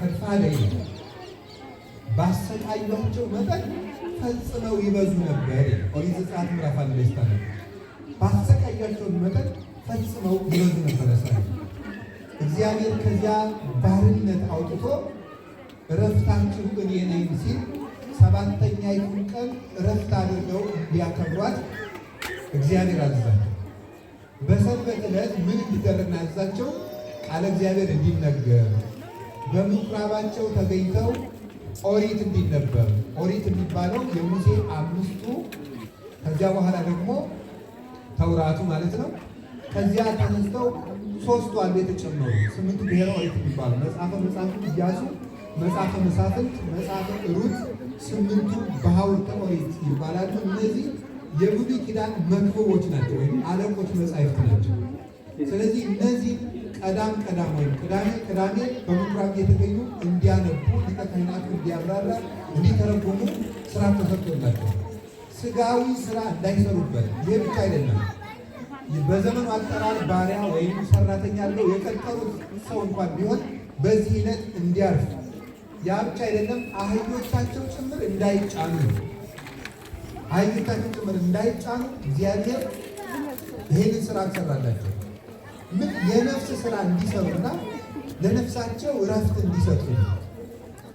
ተድፋ አገኘ። ባሰቃዩአቸው መጠን ፈጽመው ይበዙ ነበር። ኦሪት ዘጸአት ምዕራፍ አንድ ላይ ስታነቡ ባሰቃዩአቸው መጠን ፈጽመው ይበዙ ነበር። ሰ እግዚአብሔር ከዚያ ባርነት አውጥቶ እረፍታችሁ እኔ ነኝ ሲል ሰባተኛይቱን ቀን እረፍት አድርገው እንዲያከብሯት እግዚአብሔር አዘዛቸው። በሰንበት ዕለት ምን እንዲደረግ አዘዛቸው? ቃለ እግዚአብሔር እንዲነገር በምኩራባቸው ተገኝተው ኦሪት እንዲነበብ ኦሪት የሚባለው የሙሴ አምስቱ ከዚያ በኋላ ደግሞ ተውራቱ ማለት ነው። ከዚያ ተነስተው ሶስቱ አሉ የተጨመሩ ስምንቱ ብሔረ ኦሪት የሚባሉ መጽሐፈ መጻሕፍት ኢያሱ፣ መጽሐፈ መሳፍንት፣ መጽሐፈ ሩት ስምንቱ ሐውልተ ኦሪት ይባላሉ። እነዚህ የብሉይ ኪዳን መክበቦች ናቸው ወይም አለቆች መጻሕፍት ናቸው። ስለዚህ እነዚህ ቀዳም ቀዳም ወይም ቅዳሜ ቅዳሜ በምኩራብ የተገኙ እንዲያነቡ ሊቀ ካህናቱ እንዲያብራራ እንዲተረጉሙ ስራ ተሰጥቶላቸው ስጋዊ ስራ እንዳይሰሩበት። ይህ ብቻ አይደለም። በዘመኑ አጠራር ባሪያ ወይም ሰራተኛ አለው የቀጠሩት ሰው እንኳን ቢሆን በዚህ ዕለት እንዲያርፍ፣ ያ ብቻ አይደለም። አህዮቻቸው ጭምር እንዳይጫኑ አህዮቻቸው ጭምር እንዳይጫኑ እግዚአብሔር ይህንን ስራ ትሰራላቸው የነፍስ ስራ እንዲሰሩና ለነፍሳቸው እረፍት እንዲሰጡ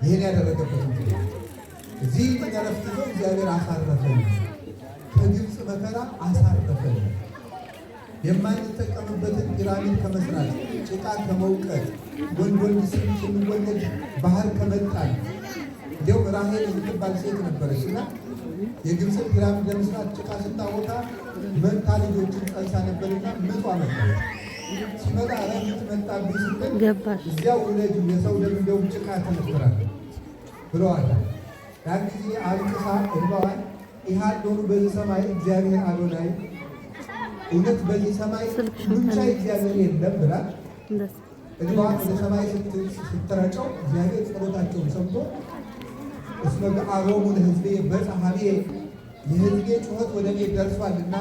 ይህን ያደረገበት ምክንያት እዚህ እረፍት ይዞ እግዚአብሔር አሳረፈን፣ ከግብፅ መከራ አሳረፈን። የማንጠቀምበትን ፒራሚድ ከመስራት ጭቃ ከመውቀት ወንድ ወንድ ስም ስንወለድ ባህር ከመጣል እንዲሁም ራሄል የምትባል ሴት ነበረች እና የግብፅ ፒራሚድ ለመስራት ጭቃ ስታወጣ መንታ ልጆችን ጸንሳ ነበርና ምጧ ነበረች። ገባሽ እዚያው ወለድ የሰው ደም እንደው ጭቃ ተነፍራል ብለዋል። ያን ጊዜ አልቅሳ እባዋል ይሃል ዶሩ በዚህ ሰማይ እግዚአብሔር አዶናይ እውነት በዚህ ሰማይ ብቻ እግዚአብሔር የለም ብላ እባዋን ወደ ሰማይ ስትረጨው እግዚአብሔር ጸሎታቸውን ሰምቶ እስመ ገአሮሙ ለሕዝቤ የህዝቤ ጩኸት ወደ እኔ ደርሷልና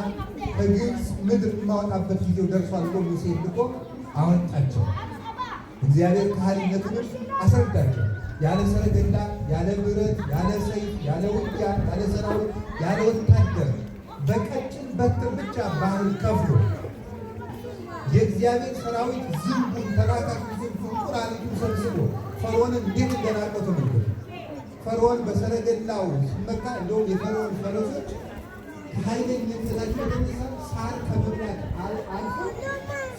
ከግብፅ ምድር የማወጣበት ጊዜው ደርሷል ብሎ ሙሴ ልኮ አወጣቸው። እግዚአብሔር ካህሪነትንም አስረዳቸው። ያለ ሰረገላ፣ ያለ ብረት፣ ያለ ሰይፍ፣ ያለ ውጊያ፣ ያለ ሰራዊት፣ ያለ ወታደር በቀጭን በትር ብቻ ባህር ከፍሎ የእግዚአብሔር ሰራዊት ዝንቡን ተራካቱ ዝንቡን ቁራሪቱ ሰብስቦ ፈርዖንን እንዴት እንደናቀቱ ምግብ ፈርዖን በሰረገላው ሲመካ እንደውም የፈርዖን ፈረሶች ከኃይለኝነታቸው የተነሳ ሳር ከመብላት አልፎ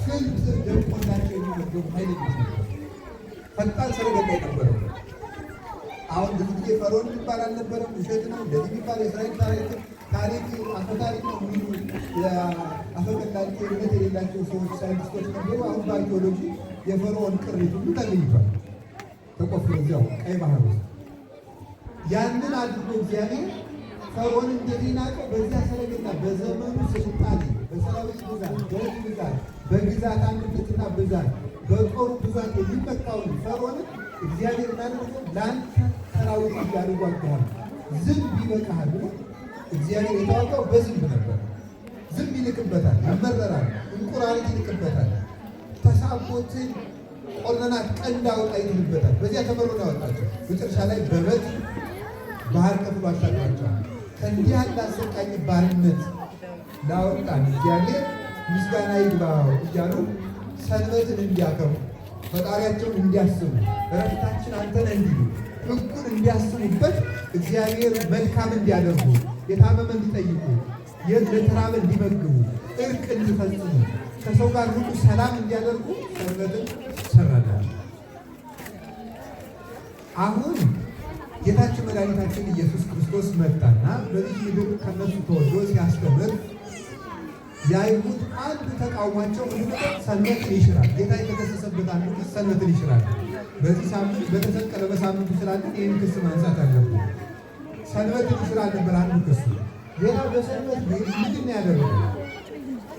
ስል ስር ደርቆላቸው የሚመገቡ ኃይለኞች ፈጣን ሰረገላ የነበረው። አሁን ብዙ ጊዜ ፈርዖን የሚባል አልነበረም። ውሸት ነው እንደዚህ የሚባል የእስራኤል ታሪክ አፈታሪክ ነው የሚሉ አፈቀላቸው እምነት የሌላቸው ሰዎች ሳይንቲስቶች ነበሩ። አሁን በአርኪኦሎጂ የፈርዖን ቅሪት ሁሉ ተገኝቷል። ተቆፍሮ እዚያው ቀይ ባህር ውስጥ ያንን አድርጎ እግዚአብሔር ፈርዖን እንደዚህ ናቀው። በዚያ ሰረገላ በዘመኑ ስልጣን በሰራዊት ብዛት፣ በሕዝብ ብዛት፣ በግዛት አንድነትና ብዛት፣ በጦሩ ብዛት የሚመካውን ፈርዖንን እግዚአብሔር እናደርገ ለአንተ ሰራዊት እያልዋግሃል ዝንብ ይበቃሃል ብሎ እግዚአብሔር የታወቀው በዝንብ ነበር። ዝንብ ይልቅበታል፣ ያመረራል፣ እንቁራሪት ይልቅበታል፣ ተሳቦትን ቆነናት ቀንድ አውጣ ይልበታል። በዚያ ተመሮ ያወጣቸው መጨረሻ ላይ በበት ባህር ከፍሎ አሻግሯቸዋል። ከእንዲህ ያለ አሰቃቂ ባርነት ላወጣን እግዚአብሔር ምስጋና ይግባው እያሉ ሰንበትን እንዲያከብሩ ፈጣሪያቸውን እንዲያስቡ እረፍታችን አንተን እንዲሉ ሕጉን እንዲያስቡበት እግዚአብሔር መልካም እንዲያደርጉ የታመመ እንዲጠይቁ ለተራበ እንዲመግቡ እርቅ እንዲፈጽሙ ከሰው ጋር ሁሉ ሰላም እንዲያደርጉ ሰንበትን ሰረዳል አሁን ጌታችን መድኃኒታችን ኢየሱስ ክርስቶስ መጣና በዚህ ምድር ከነሱ ተወልዶ ሲያስተምር የአይሁድ አንድ ተቃውሟቸው ምንድነው? ሰንበትን ይሽራል። ጌታ የተከሰሰበት አንዱ ክስ ሰንበትን ይሽራል። በዚህ ሳምንት በተሰቀለ በሳምንቱ ስላለን ይህን ክስ ማንሳት አለብ። ሰንበትን ይሽራል ነበር አንዱ ክሱ። ሌላ በሰንበት ምንድን ያደረገ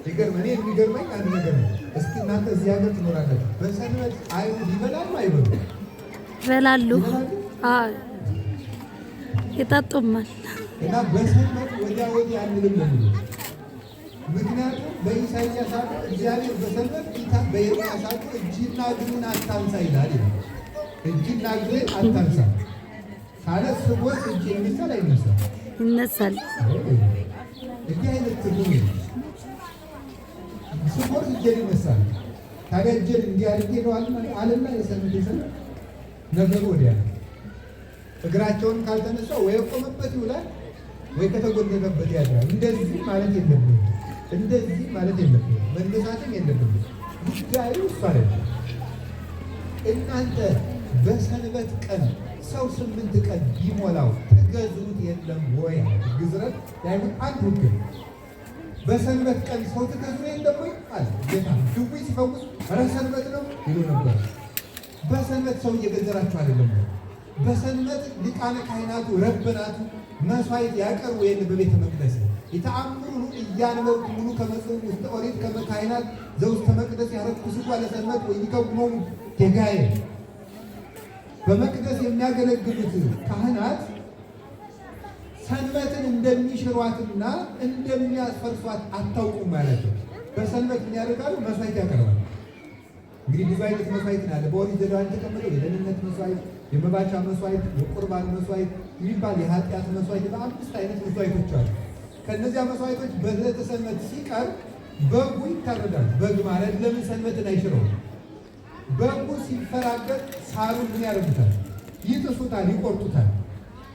ይገርም። እኔ የሚገርመኝ አንድ ነገር ነው። እስኪ እናንተ እዚህ ሀገር ትኖራለች። በሰንበት አይሁድ ይበላሉ አይበሉ? ይበላሉ የጣጦማል እና በሰንበት ወዲያ ወዲህ አንልም ነው። ምክንያቱም አለ እግዚአብሔር በሰንበት ጌታ በኤርምያስ አለ እጅና እግሩን አታንሳ ይላል። እጅና እግሬ አታንሳ ካለ እጅ አይነሳል ይነሳል። እንዲህ አይነት ትርጉም እጄን ይነሳል። ታዲያ እጄን እንዲህ አድርጌ ነው አለና የሰንበት የሰንበት ነገሩ ወዲያ ነው እግራቸውን ካልተነሳ ወይ ቆመበት ይውላል ወይ ከተጎደለበት ያድራል። እንደዚህ ማለት የለብንም። እንደዚህ ማለት የለብንም። መነሳትም የለብንም። ጉዳዩ ይባለ እናንተ በሰንበት ቀን ሰው ስምንት ቀን ቢሞላው ትገዙት የለም ወይ? ግዝረት ያይሁን አንድ ውግር በሰንበት ቀን ሰው ትገዙ የለም ወይ አለ ጌታ። ድዊ ሲፈውስ ረሰንበት ነው ይሉ ነበር። በሰንበት ሰው እየገዘራችሁ አይደለም በሰንበት ሊቃነ ካህናቱ ረበናቱ መስዋዕት ያቀርቡ የለ በቤተ መቅደስ የተአምሩ እያነበቡ ሙሉ ከመጽኡ ውስተ ኦሪት ከመ ዘውስተ መቅደስ ያረክሱ ለሰንበት ወይከውኖሙ ጌጋዬ በመቅደስ የሚያገለግሉት ካህናት ሰንበትን እንደሚሽሯትና እንደሚያስፈርሷት አታውቁም ማለት ነው። በሰንበት የሚያደርጋሉ መስዋዕት ያቀርባል። እንግዲህ ብዙ አይነት መስዋዕት ናለ። በኦሪት ዘዳን ተቀምጠው የደህንነት መስዋዕት የመባቻ መስዋዕት፣ የቁርባን መስዋዕት የሚባል የኃጢአት መስዋዕት፣ በአምስት አይነት መስዋዕቶች አሉ። ከእነዚያ መስዋዕቶች በዕለተ ሰንበት ሲቀርብ በጉ ይታረዳል። በግ ማለት ለምን ሰንበትን አይሽረውም? በጉ ሲፈራገጥ ሳሩን ምን ያደርጉታል? ይጥሱታል፣ ይቆርጡታል።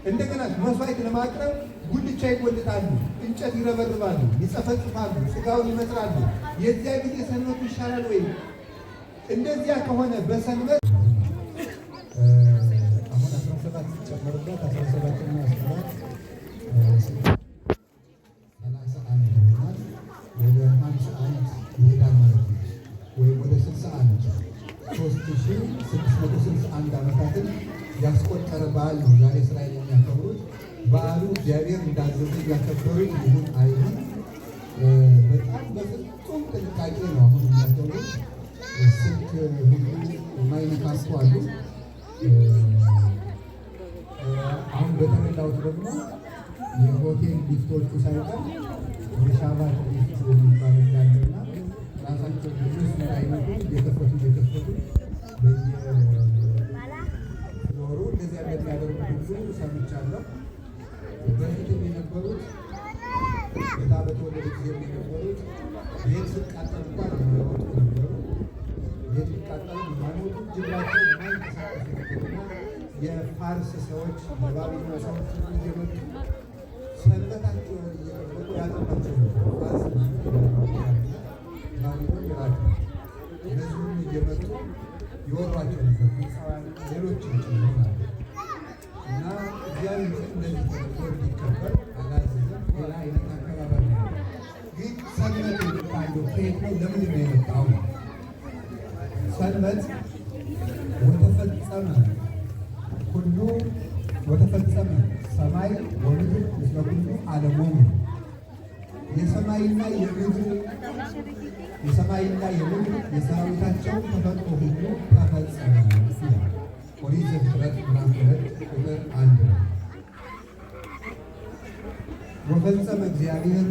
እንደገና መስዋዕት ለማቅረብ ጉልቻ ይጎልጣሉ፣ እንጨት ይረበርባሉ፣ ይጸፈጽፋሉ፣ ስጋውን ይመጥራሉ። የዚያ ጊዜ ሰንበቱ ይሻላል ወይም እንደዚያ ከሆነ በሰንበት 1661 ዓመታትን ያስቆጠረ በዓል ነው ዛሬ እስራኤል የሚያከብሩት። በዓሉ እግዚአብሔር እንዳዘዘ እያከበሩት ይሁን አይሁን በጣም በፍጹም ጥንቃቄ ነው አሁን የሚያከብሩት። ስልክ የማይነካሱ አሉ። አሁን በተረዳሁት ደግሞ የሆቴል ሊፍቶቹ ሳይቀር የሻባት ሊፍት የሚባለው ያለና ራሳቸው ብዙ አይነቱ እየከፈቱ እየከፈቱ እንደሚያደርጉ ሁሉ ሰምቻለሁ። በፊትም የነበሩት ጌታ በተወለደ ጊዜ የነበሩት ቤት ሲቃጠል እንኳን የማይወጡ ነበሩ። ቤት ሲቃጠል የማይወጡ ጅምራቸው የማይንቀሳቀሱ ነበሩና የፋርስ ሰዎች የባቢሎን ሰዎች እየመጡ ሰንበታቸውን እየጠበቁ ያጠፋቸው ነበሩ። ባቢሎን እየመጡ ይወሯቸው ነበር። ግብፃውያን ጭምር ማለት ነው እና እግዚአብሔር እንደዚህ ይከበር አላዘዘም። ሌላ አይነት አከባበር ግን ሰንበት የሚባለው ነው። ለምንድን ነው የመጣው? ሰንበት ወተፈጸመ ሁሉ ወተፈጸመ ሰማይ ወምድር ምስለ ኩሉ ዓለሞሙ የሰማይና የምድር የሰማይና የምድር የሰራዊታቸው ተፈጥሮ ሁሉ ተፈጸመ። ኦሪት ዘፍጥረት ምዕራፍ አንድ ነው። ወፈጸመ እግዚአብሔር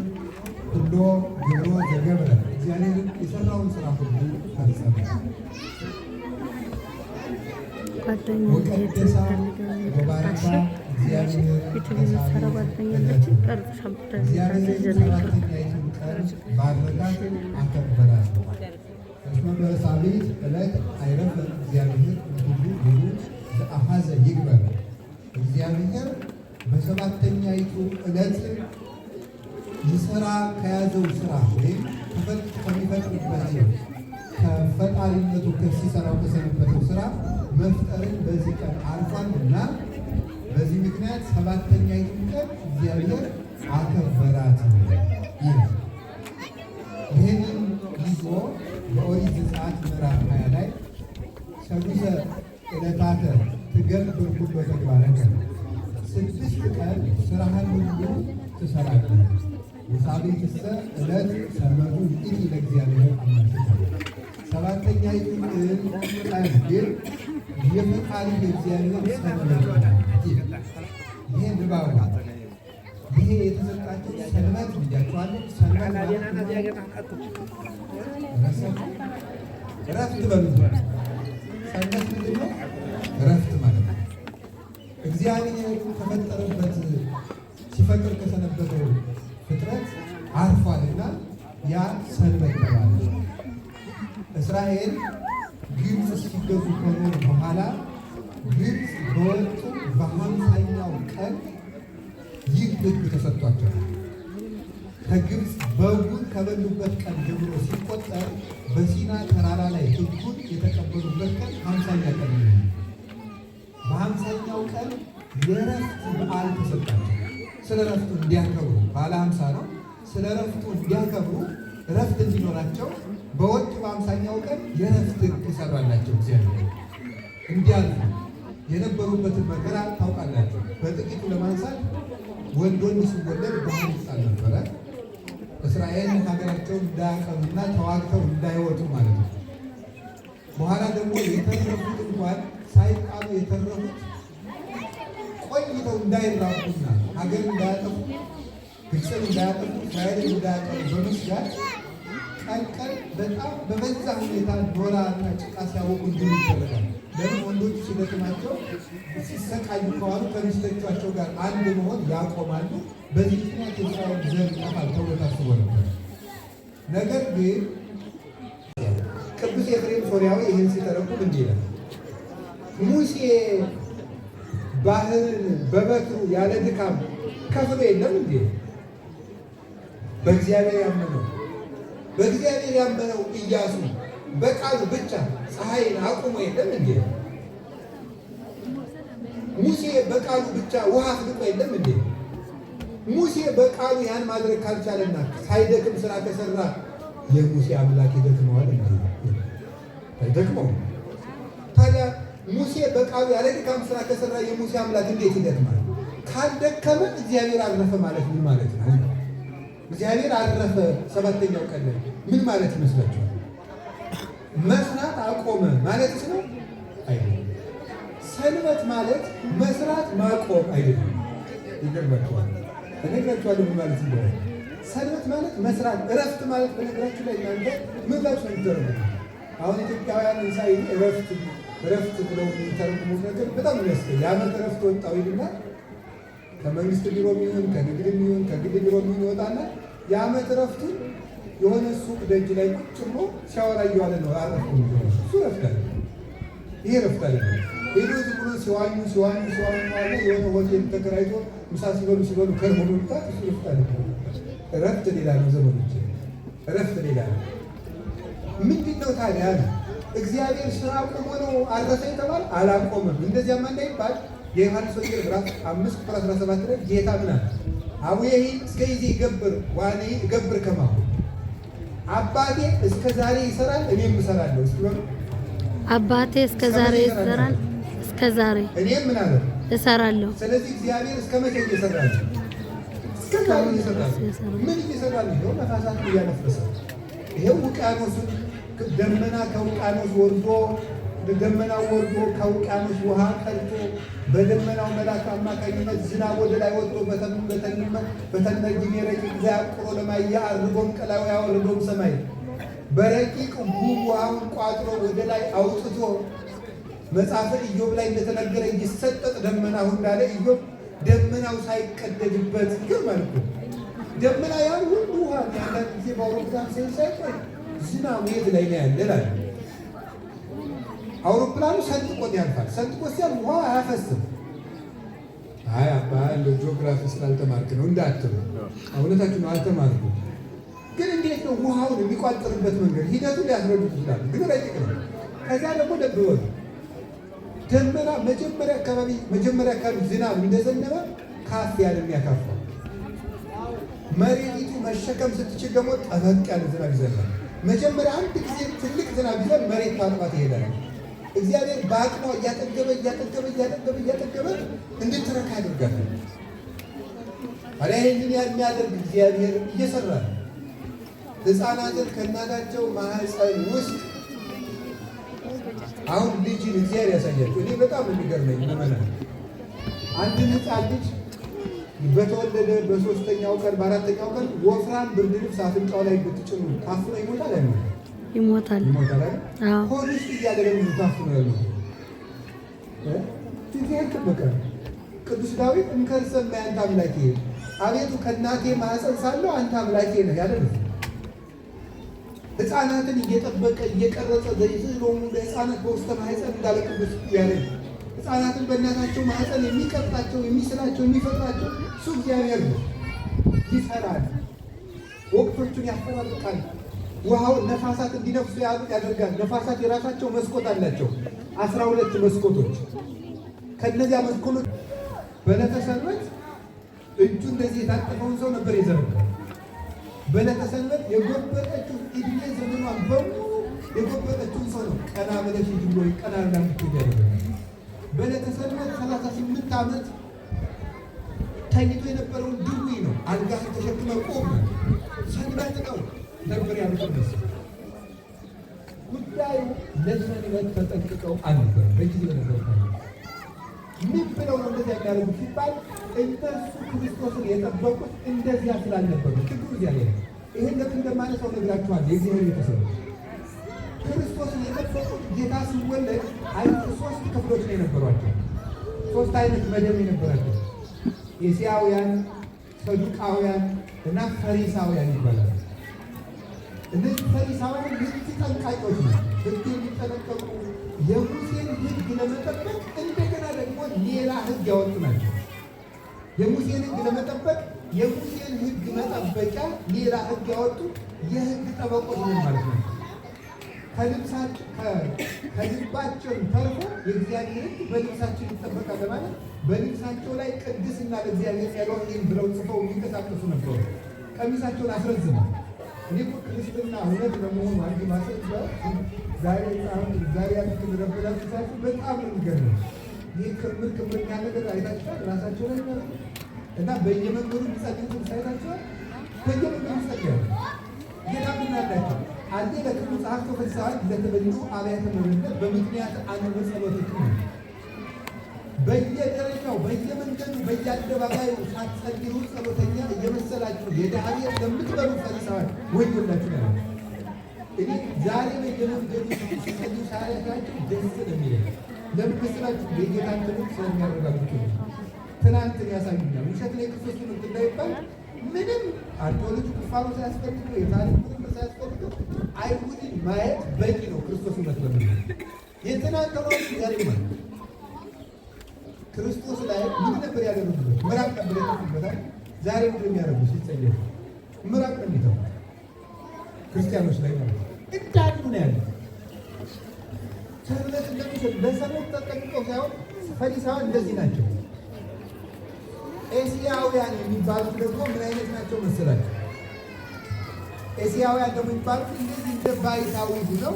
ሁሎ ግብሮ ዘገብረ እግዚአብሔር የሰራውን ስራ ሁሉ ፈጸመ። ወቀደሳ ወባረካ እግዚአብሔር ሰራተኛይቱን ቀን ባረካት፣ አከበራት። እስመ ሳቢት ዕለት አይረፈ እግዚአብሔር ሁሉ ጉሩ ዘአሐዘ እግዚአብሔር በሰባተኛይቱ ዕለት ይሰራ ከያዘው ስራ ወይም ከሚፈጥርበት ከፈጣሪነቱ ከሲሰራው ከሰነበተው ስራ መፍጠርን በዚህ ቀን አልፏል እና በዚህ ምክንያት ሰባተኛይቱን ቀን እግዚአብሔር አከበራት። ይህንን ይዞ በኦሪት ዘጸአት ምዕራፍ ሃያ ላይ ሰጉሰ ዕለታተ ትገል ፍርዱ በተግባረከ ስድስት ቀን ስራህን ሁሉ ትሰራለህ። ሳቤትሰ ዕለት ሰንበቱ ይእቲ ለእግዚአብሔር አምላክከ ሰባተኛይቱን ቀን ግን የፈጣሪ የእግዚአብሔር ሰንበት ይሄ ንባብ ይሄ የተሰጣቸው ሰንበት እንዲያቸዋለ ሰንበት ረፍት በምትሆ ሰንበት ምንድነው? ረፍት እግዚአብሔር ከፈጠረበት ሲፈጥር ከሰነበተው ፍጥረት አርፏልና ያ ሰንበት ተባለ። እስራኤል ግብፅ ሲገዙ ከሆኑ በኋላ ግብፅ በወጡ በሀምሳኛው ቀን ይህ ሕግ ተሰጥቷቸዋል። ከግብፅ በጉን ከበሉበት ቀን ጀምሮ ሲቆጠር በሲና ተራራ ላይ ሕጉን የተቀበሉበት ቀን ሀምሳኛ ቀን የእረፍት በዓል ተሰጣቸው። ስለ እረፍቱ እንዲያከብሩ ባለ ሀምሳ ነው። ስለ እረፍቱ እንዲያከብሩ እረፍት እንዲኖራቸው በወጡ በአምሳኛው ቀን የእረፍት ሕግ ሰራላቸው። እግዚአብሔር እንዲያልፉ የነበሩበትን መከራ ታውቃላቸው። በጥቂቱ ለማንሳት ወንድ ወንድ ሲወለድ በአንድ ሕፃን ነበረ። እስራኤል ሀገራቸውን እንዳያቀሩና ተዋግተው እንዳይወጡ ማለት ነው። በኋላ ደግሞ የተረፉት እንኳን ሳይጣሉ የተረፉት ቆይተው እንዳይራቁና ሀገር እንዳያጠፉ፣ ግብፅን እንዳያጠፉ፣ እስራኤልን እንዳያጠፉ በመስጋት ቀን በጣም በበዛ ሁኔታ ዶራ ጭቃ ሲያወቁ እንዲሁ ይደረጋል። ለምን ወንዶች ሲደክማቸው ሲሰቃዩ ከዋሉ ከሚስቶቻቸው ጋር አንድ መሆን ያቆማሉ። በዚህ ምክንያት የእስራኤል ዘር ይጠፋል ተብሎ ታስቦ ነበር። ነገር ግን ቅዱስ ኤፍሬም ሶርያዊ ይህን ሲተረጉም እንዲህ ይላል ሙሴ ባህርን በበትሩ ያለ ድካም ከፍሎ የለም እንዴ? በእግዚአብሔር ያመነው በእግዚአብሔር ያመነው እያሱ በቃሉ ብቻ ፀሐይን አቁሞ የለም እንዴ? ሙሴ በቃሉ ብቻ ውሃ አፍልቆ የለም እንዴ? ሙሴ በቃሉ ያን ማድረግ ካልቻለና ሳይደክም ስራ ከሰራ የሙሴ አምላክ ይደክመዋል እንዴ? አይደክመው ታዲያ ሙሴ በቃሉ ያለ ድካም ስራ ከሰራ የሙሴ አምላክ እንዴት ይደክማል? ካልደከመ እግዚአብሔር አረፈ ማለት ምን ማለት ነው? እግዚአብሔር አረፈ ሰባተኛው ቀን ምን ማለት ይመስላችኋል? መስራት አቆመ ማለት ነው አይደለም። ሰንበት ማለት መስራት ማቆም አይደለም። ይገርባችኋል። እነግራችኋለሁ ምን ማለት እንደሆነ። ሰንበት ማለት መስራት እረፍት ማለት በነገራችሁ ላይ እናንተ ምን ላችሁ ይደረጉ አሁን ኢትዮጵያውያን እንሳይ እረፍት እረፍት ብለው የሚተረጉሙት ነገር በጣም የሚያስገኝ የዓመት እረፍት ወጣው ይልና ከመንግስት ቢሮ የሚሆን ከንግድ የሚሆን ከግድ ቢሮ የሚሆን ይወጣና የአመት እረፍቱን የሆነ ሱቅ ደጅ ላይ ቁጭ ብሎ ሲያወራ እየዋለ ነው። አረፍ እሱ ረፍት አለ። ይሄ ረፍት አለ። ሌሎ ዝም ብሎ ሲዋኙ ሲዋኙ ሲዋኙ አለ የሆነ ሆቴል ተከራይቶ ምሳ ሲበሉ ሲበሉ ከርሞ መምጣት እሱ ረፍት አለ። እረፍት ሌላ ነው። ዘመኖች እረፍት ሌላ ነው። ምንድነው ታዲያ ነው እግዚአብሔር ስራ ቆሞ ነው አረሰ የተባል አላቆመም። እንደዚያማ እንዳይባል የዮሐንስ ወንጌል ምዕራፍ አምስት ቁጥር አስራ ሰባት ላይ ጌታ ምን አለ? አቡየ እስከ ጊዜ ይገብር ዋኔ ይገብር ከማሁ አባቴ እስከ ዛሬ ይሰራል እኔም እሰራለሁ። አባቴ እስከ ዛሬ ይሰራል እስከ ዛሬ እኔም ምን አለ እሰራለሁ። ስለዚህ እግዚአብሔር እስከ መቼ እየሰራል? እስከ ዛሬ እየሰራል። ምን እየሰራል? ነው? ነፋሳት እያነፈሰ ይሄው ውቅያኖሱን ደመና ከውቃኖስ ወርዶ ደመና ወርዶ ከውቃኖስ ውሃ ቀልጦ በደመናው መላክ አማካኝነት ዝናብ ወደ ላይ ወጥቶ በተነ በተነጊኔ ረቂቅ ዘያቁሮ ለማያ አርጎም ቀላዊ ያወርዶም ሰማይ በረቂቅ ጉም ውሃውን ቋጥሮ ወደ ላይ አውጥቶ መጽሐፈ ኢዮብ ላይ እንደተነገረ ይሰጠጥ ደመናሁ እንዳለ ኢዮብ ደመናው ሳይቀደድበት ግን መልኩ ደመና ያን ሁሉ ውሃ ያንዳንድ ጊዜ በአውሮፕላን ሳይቆይ ዝናቡ የት ላይ ነው ያለ ላለ አውሮፕላኑ ሰንጥቆት ያልፋል። ሰንጥቆት ሲያል ውሃ አያፈስም። አይ አባ እንደው ጂኦግራፊ ስላልተማርክ ነው እንዳትሉ፣ እውነታችሁ ነው አልተማርኩ። ግን እንዴት ነው ውሃውን የሚቋጥርበት መንገድ ሂደቱ ሊያስረዱት ይችላሉ፣ ግን ረቂቅ ነው። ከዚያ ደግሞ ደብወሉ ደመና መጀመሪያ አካባቢ መጀመሪያ አካባቢ ዝናብ እንደዘነበ ካፍ ያለ የሚያካፋው መሬቲቱ መሸከም ስትችል ደግሞ ጠበቅ ያለ ዝናብ ይዘናል። መጀመሪያ አንድ ጊዜ ትልቅ ዝናብ ይዘን መሬት ታጥባ ትሄዳለች። እግዚአብሔር በአቅሟ እያጠገበ እያጠገበ እያጠገበ እያጠገበ እንድትረካ ያደርጋል። አሪያ ይህን የሚያደርግ እግዚአብሔር እየሰራ ነው። ሕፃናትን ከእናታቸው ማህፀን ውስጥ አሁን ልጅን እግዚአብሔር ያሳያቸው። እኔ በጣም የሚገርመኝ ምመና አንድን ሕፃን ልጅ በተወለደ በሶስተኛው ቀን በአራተኛው ቀን ወፍራም ብርድ ልብስ አፍንጫው ላይ ብትጭኑ ታፍኖ ይሞታል። አይ ይሞታል። ሆድ ውስጥ እያለ ደግሞ ታፍኖ ያለ በቃ ቅዱስ ዳዊት እንከርሰ አንተ አምላኬ፣ አቤቱ ከእናቴ ማህፀን ሳለሁ አንተ አምላኬ ነው ያለ ህፃናትን እየጠበቀ እየቀረጸ ዘይዝ ሎሙ ለህፃናት በውስተ ማህፀን እንዳለ ቅዱስ ያለ ሕፃናትን በእናታቸው ማህፀን የሚቀጣቸው የሚስላቸው የሚፈጥራቸው እሱ እግዚአብሔር ነው። ይሰራል፣ ወቅቶቹን ያፈራርቃል፣ ውሃው ነፋሳት እንዲነፍሱ ያደርጋል። ነፋሳት የራሳቸው መስኮት አላቸው፣ አስራ ሁለት መስኮቶች። ከእነዚያ መስኮቶች በዕለተ ሰንበት እጁ እንደዚህ የታጠፈውን ሰው ነበር የዘረጋው። በዕለተ ሰንበት የጎበጠችው እድሜ ዘመኗ በሙሉ የጎበጠችውን ሰው ነው ቀና በለሽ ብሎ ቀና ላ በዕለተ ሰንበት ሰላሳ ስምንት ዓመት ተኝቶ የነበረውን ድዊ ነው። አልጋህን ተሸክመ ቆሙ። ሰንበት ነው ነበር ያሉትበት ጉዳዩ ለሰንበት ተጠንቅቀው አልነበር በጊዜ ነበር። ምን ብለው ነው እንደዚያ የሚያደርጉት ሲባል እነሱ ክርስቶስን የጠበቁት እንደዚያ ስላልነበሩ። ቅዱስ ያ ይህን ለምን እንደማነሳው ነግራችኋል። የእግዚአብሔር ቤተሰብ ክርስቶስን የጠበቁት ጌታ ሲወለድ አይሁድ ሶስት ክፍሎች ነው የነበሯቸው። ሶስት አይነት መደብ የነበራቸው የሲያውያን፣ ሰዱቃውያን እና ፈሪሳውያን ይባላል። እነዚህ ፈሪሳውያን ሕግ ጠንቃቂዎች ነው። ሕግ የሚጠነቀቁ የሙሴን ህግ ለመጠበቅ እንደገና ደግሞ ሌላ ህግ ያወጡ ናቸው። የሙሴን ህግ ለመጠበቅ የሙሴን ህግ መጠበቂያ ሌላ ህግ ያወጡ የህግ ጠበቆች ነው ማለት ነው። ከልባቸውም ተርፎ የእግዚአብሔርን በልብሳቸው ይጠበቃል ለማለት በልብሳቸው ላይ ቅድስና ለእግዚአብሔር ጸሎን ብለው ጽፈው የሚንቀሳቀሱ ነበሩ። ቀሚሳቸውን አስረዝመው እኔ እኮ ክርስትና እውነት ለመሆኑ አንድ ማስረዝመው ዛሬ ጻሁን ዛሬ ያሉትን ረበዳችሁ በጣም ነው ይህ ክምር ክምር ያለገር አይታችኋል። ራሳቸው ላይ ነው እና በየመንገዱ የሚጸልዩትን ሳይታችኋል። በየመንገዱ ይጸልያሉ ጌታ ምናላቸው አንዴ በክፍሉ መጽሐፍ ክፍል ለተበሉ አብያተ መንግስት በምክንያት አንዱ ጸሎቶች ነው። በየደረጃው በየመንገዱ በየአደባባዩ ሳትጸልዩ ጸሎተኛ እየመሰላችሁ የድሃ ቤት ለምትበሉ ፈሪሳውያን ወዮላችሁ ነው። እኔ ዛሬ በየመንገዱ ጸልዩ ሳያችሁ ደስ ለሚለ ለምትመስላችሁ የጌታችንን ስለሚያረጋግጡ ትናንትን ያሳዩኛል። ውሸት ላይ ክርስቶስ ምንም አርኪኦሎጂ ቁፋሮ ሳያስፈልግ የታሪክ ምንም ሳያስፈልግ አይሁድን ማየት በቂ ነው። ክርስቶስ መስለም የተናገሩት ዛሬ ማለት ክርስቶስ ላይ ምን ነበር ያደረጉበት? ምራቅ ቀብለ ተፈታል። ዛሬ ምንድን ነው የሚያደርጉት? ምራቅ ቀብለው ክርስቲያኖች ላይ ማለት እንዳሉ ነው ያለው። ሰንበት እንደሚሰጥ በሰንበት ተጠቅቀው ሳይሆን ፈሪሳውያን እንደዚህ ናቸው። ኤስያውያን የሚባሉት ደግሞ ምን አይነት ናቸው መሰላቸው? እስያውያን ደግሞ የሚባሉት እንደዚህ እንደ ባይታዊ ነው።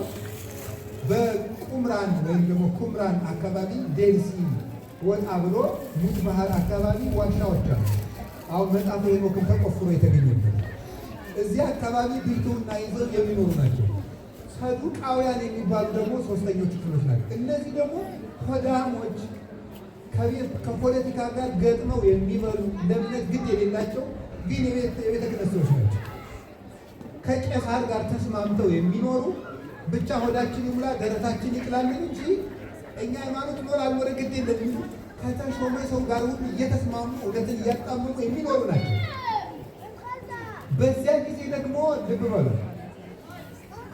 በቁምራን ወይም ደግሞ ኩምራን አካባቢ ዴልሲ ወጣ ብሎ ሙት ባህር አካባቢ ዋሻዎች አሉ። አሁን መጣፈ የሞክም ተቆፍሮ የተገኘበት እዚህ አካባቢ ቢልቱና ይዘው የሚኖሩ ናቸው። ሰዱቃውያን የሚባሉ ደግሞ ሶስተኞቹ ክፍሎች ናቸው። እነዚህ ደግሞ ሆዳሞች ከፖለቲካ ጋር ገጥመው የሚበሉ ለእምነት ግድ የሌላቸው ግን የቤተ ክህነት ሰዎች ናቸው። ከቄሳር ጋር ተስማምተው የሚኖሩ ብቻ ሆዳችን ይሙላ ደረታችን ይቅላልን እንጂ እኛ ሃይማኖት ኖር አልኖረ ግድ የለም ከተሾመ ሰው ጋር ሁሉ እየተስማሙ እውነትን እያጣመሙ የሚኖሩ ናቸው። በዚያ ጊዜ ደግሞ ልብ በሉ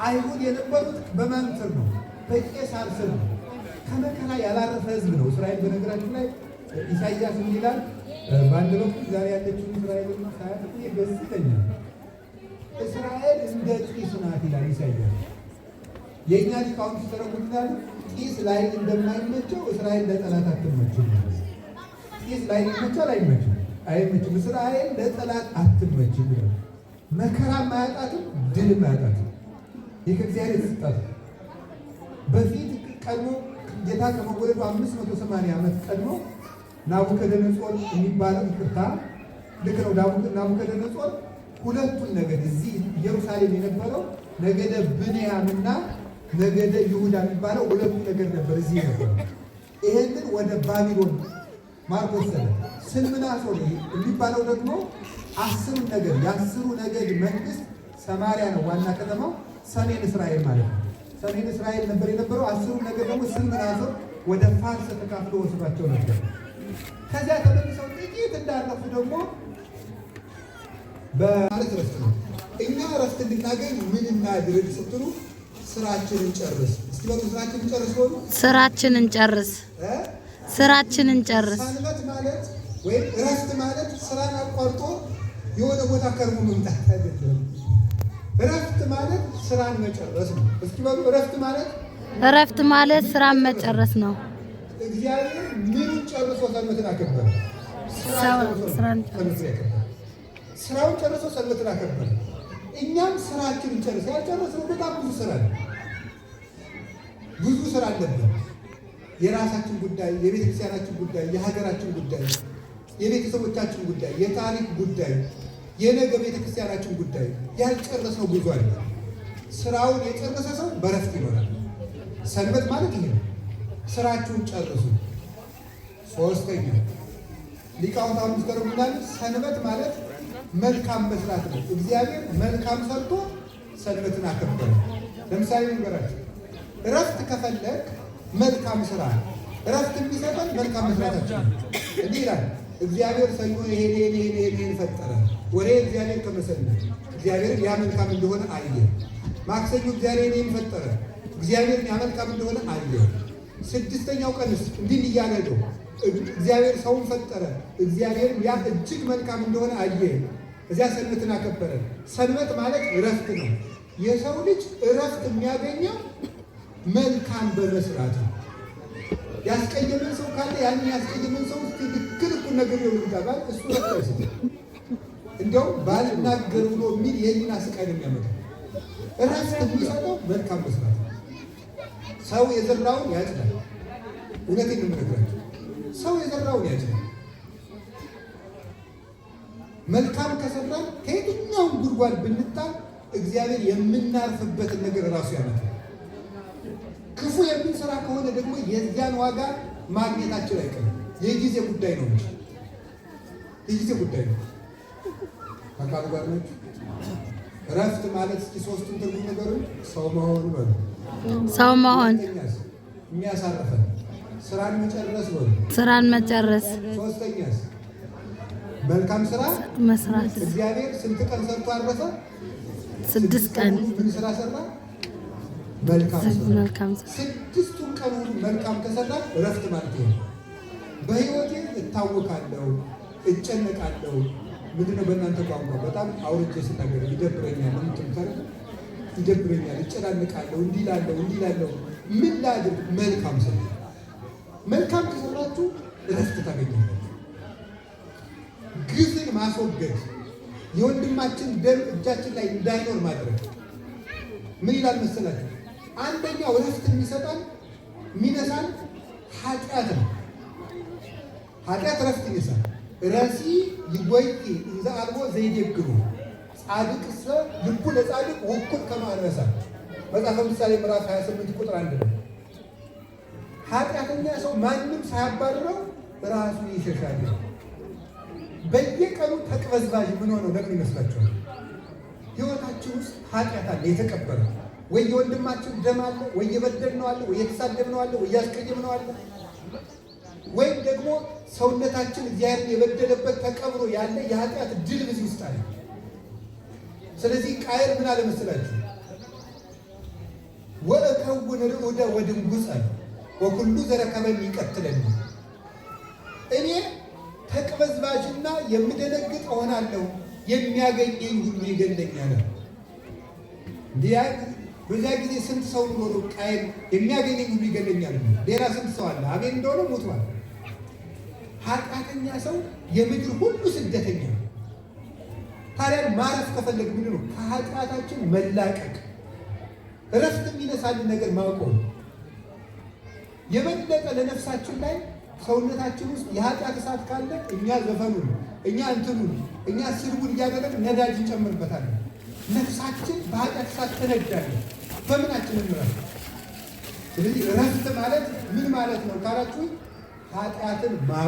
አይሁድ የነበሩት በማን ስር ነው? በቄሳር ስር ነው። ከመከራ ያላረፈ ህዝብ ነው እስራኤል። በነገራችን ላይ ኢሳያስ ይላል በአንድ በኩል ዛሬ ያለችውን እስራኤል ሳያት ደስ ይለኛል እስራኤል እንደ ጢስ ናት ይላል ኢሳያስ። የእኛ ሊቃውንት ሲተረጉሙታል ጢስ ላይ እንደማይመቸው እስራኤል ለጠላት አትመችም። ጢስ ላይ ይመቻል አይመችም፣ አይመችም። እስራኤል ለጠላት አትመችም። መከራ ማያጣትም ድል ማያጣትም ይህ ከእግዚአብሔር ስጣት በፊት ቀድሞ ጌታ ከመወለዱ አምስት መቶ ሰማንያ ዓመት ቀድሞ ናቡከደነጾር የሚባለው ይቅርታ ልክ ነው ናቡከደነጾር ሁለቱን ነገድ እዚህ ኢየሩሳሌም የነበረው ነገደ ብንያምና ነገደ ይሁዳ የሚባለው ሁለቱ ነገድ ነበር፣ እዚህ ነበር። ይሄንን ወደ ባቢሎን ማን ወሰደ? ስልምናሶር የሚባለው ደግሞ አስሩ ነገድ የአስሩ ነገድ መንግስት ሰማሪያ ነው ዋና ከተማው፣ ሰሜን እስራኤል ማለት ነው። ሰሜን እስራኤል ነበር የነበረው። አስሩ ነገድ ደግሞ ስልምናሶር ወደ ፋርስ ተካፍሎ ወስዷቸው ነበር። ከዚያ ተመልሰው ጥቂት እንዳለፉ ደግሞ በማለት ረፍት ነው። እኛ ረፍት እንድናገኝ ምን እናድርግ ስትሉ ስራችንን ጨርስ እስቲ በሉ። ስራችንን ጨርስ ሆኑ ስራችንን ጨርስ ስራችንን ጨርስ። ሰንበት ማለት ወይም ረፍት ማለት ስራን አቋርጦ የሆነ ቦታ ከርሞ መምጣት አይደለም። ረፍት ማለት ስራን መጨረስ ነው። እስቲ በሉ። ረፍት ማለት ረፍት ማለት ስራን መጨረስ ነው። እግዚአብሔር ምን ጨርሶ ሰንበትን አከበረ? ስራን ጨርሶ ስራውን ጨርሶ ሰንበትን አከበረ። እኛም ስራችን ጨርሶ ያልጨረስነው በጣም ብዙ ስራ ብዙ ስራ አለብን። የራሳችን ጉዳይ፣ የቤተክርስቲያናችን ጉዳይ፣ የሀገራችን ጉዳይ፣ የቤተሰቦቻችን ጉዳይ፣ የታሪክ ጉዳይ፣ የነገ ቤተክርስቲያናችን ጉዳይ ያልጨረስነው ብዙ አለ። ስራውን የጨረሰ ሰው በረፍት ይኖራል። ሰንበት ማለት ይሄ ነው። ስራችሁን ጨርሱ። ሶስተኛ ሊቃውንት አሁን ሰንበት ማለት መልካም መስራት ነው። እግዚአብሔር መልካም ሰርቶ ሰንበትን አከበረ። ለምሳሌ ነገራቸው እረፍት ከፈለግ መልካም ስራ እረፍት የሚሰጠን መልካም መስራታችን እንዲህ ይላል እግዚአብሔር ሰኞ ይሄን ይሄን ይሄን ይሄን ፈጠረ። ወሬ እግዚአብሔር ከመሰለ እግዚአብሔር ያ መልካም እንደሆነ አየ። ማክሰኞ እግዚአብሔር ይሄን ፈጠረ። እግዚአብሔር ያ መልካም እንደሆነ አየ። ስድስተኛው ቀንስ እንዲህ እያለ ነው እግዚአብሔር ሰውን ፈጠረ። እግዚአብሔር ያ እጅግ መልካም እንደሆነ አየ። እዚያ ሰንበትን አከበረ። ሰንበት ማለት እረፍት ነው። የሰው ልጅ እረፍት የሚያገኘው መልካም በመስራት ነው። ያስቀየመን ሰው ካለ ያን ያስቀየመን ሰው ትክክል እኩል ነገር ነው ልጋባል እሱ ረስ እንዲያው ባልናገር ብሎ የሚል ይህንን አስቃይ ነው የሚያመጣው። እረፍት የሚሰጠው መልካም መስራት ነው። ሰው የዘራውን ያጭዳል። እውነቴን ነው የምነግራቸው ሰው የዘራው ያጭ መልካም ከሰራ ከየትኛውም ጉድጓድ ብንጣል እግዚአብሔር የምናርፍበትን ነገር እራሱ ያመጣል። ክፉ የምንሰራ ከሆነ ደግሞ የዚያን ዋጋ ማግኘታችን አይቀርም። የጊዜ ጉዳይ ነው። የጊዜ ጉዳይ ነው። አካሉ ጋር ነች። እረፍት ማለት እስኪ ሶስቱን ትርጉም ነገሩ ሰው መሆን በሉ ሰው መሆን የሚያሳርፈን ስራን መጨረስ ነው። ስራን መጨረስ። ሶስተኛስ መልካም ስራ መስራት። እግዚአብሔር ስንት ቀን ሰርቶ አረፈ? ስድስት ቀን። ምን ስራ ሰራ? መልካም ስራ። ስድስቱን ቀን መልካም ከሰራ እረፍት ማለት ነው። በህይወቴ እታወቃለሁ፣ እጨነቃለሁ። ምንድነው በእናንተ ቋንቋ በጣም አውርጄ ስናገር ይደብረኛል፣ ምትምተር ይደብረኛል፣ እጨናነቃለሁ፣ እንዲላለሁ እላለሁ፣ ምን ላድርግ? መልካም ስራ መልካም ከሰራችሁ ረፍት ታገኛላችሁ። ግፍን ማስወገድ የወንድማችን ደም እጃችን ላይ እንዳይኖር ማድረግ ምን ይላል መሰላችሁ? አንደኛው ረፍት የሚሰጠን የሚነሳን ኃጢአት ነው። ኃጢአት ረፍት ይነሳል። ረሲ ይጎይ እዛ አልቦ ዘይደግሩ ጻድቅ ሰ ልቡ ለጻድቅ ውኩል ከማረሳ መጽሐፈ ምሳሌ ምዕራፍ 28 ቁጥር አንድ ነው። ኃጢአተኛ ሰው ማንም ሳያባርረው ራሱን ይሸሻል። በየቀኑ ተቅበዝባዥ ምን ሆነው ለምን ይመስላችኋል? ህይወታችን ውስጥ ኃጢአት አለ የተቀበረ ወይ የወንድማችን ደም አለ ወይ ነው አለ ወይ የተሳደብነው አለ ወይ ነው አለ ወይም ደግሞ ሰውነታችን እግዚአብሔር የበደለበት ተቀብሮ ያለ የኃጢአት ድል ብዙ ውስጥ አለ። ስለዚህ ቃየር ምን አለ መሰላችሁ? ወእከውን ርዑደ ወድንጉጸ በሁሉ ዘረከበ የሚቀትለና እኔ ተቅበዝባዥና የምደነግጥ እሆናለሁ፣ የሚያገኘኝ ሁሉ ይገለኛል። እንዲያ በዚያ ጊዜ ስንት ሰው ኖሮ ቃየል የሚያገኘኝ ሁሉ ይገለኛል። ሌላ ስንት ሰው አለ? አቤል እንደሆነ ሞቷል። ኃጢአተኛ ሰው የምድር ሁሉ ስደተኛ። ታዲያ ማረፍ ከፈለግ ምንድን ነው? ከኃጢአታችን መላቀቅ እረፍት የሚነሳልን ነገር ማውቀው የበለጠ ለነፍሳችን ላይ ሰውነታችን ውስጥ የኃጢአት እሳት ካለ እኛ ዘፈኑን፣ እኛ እንትኑን፣ እኛ ስድቡን እያደረግን ነዳጅ እንጨምርበታለን። ነፍሳችን በኃጢአት እሳት ተነዳለን። በምናችን እንራል። ስለዚህ እረፍት ማለት ምን ማለት ነው ካላችሁ ኃጢአትን ማ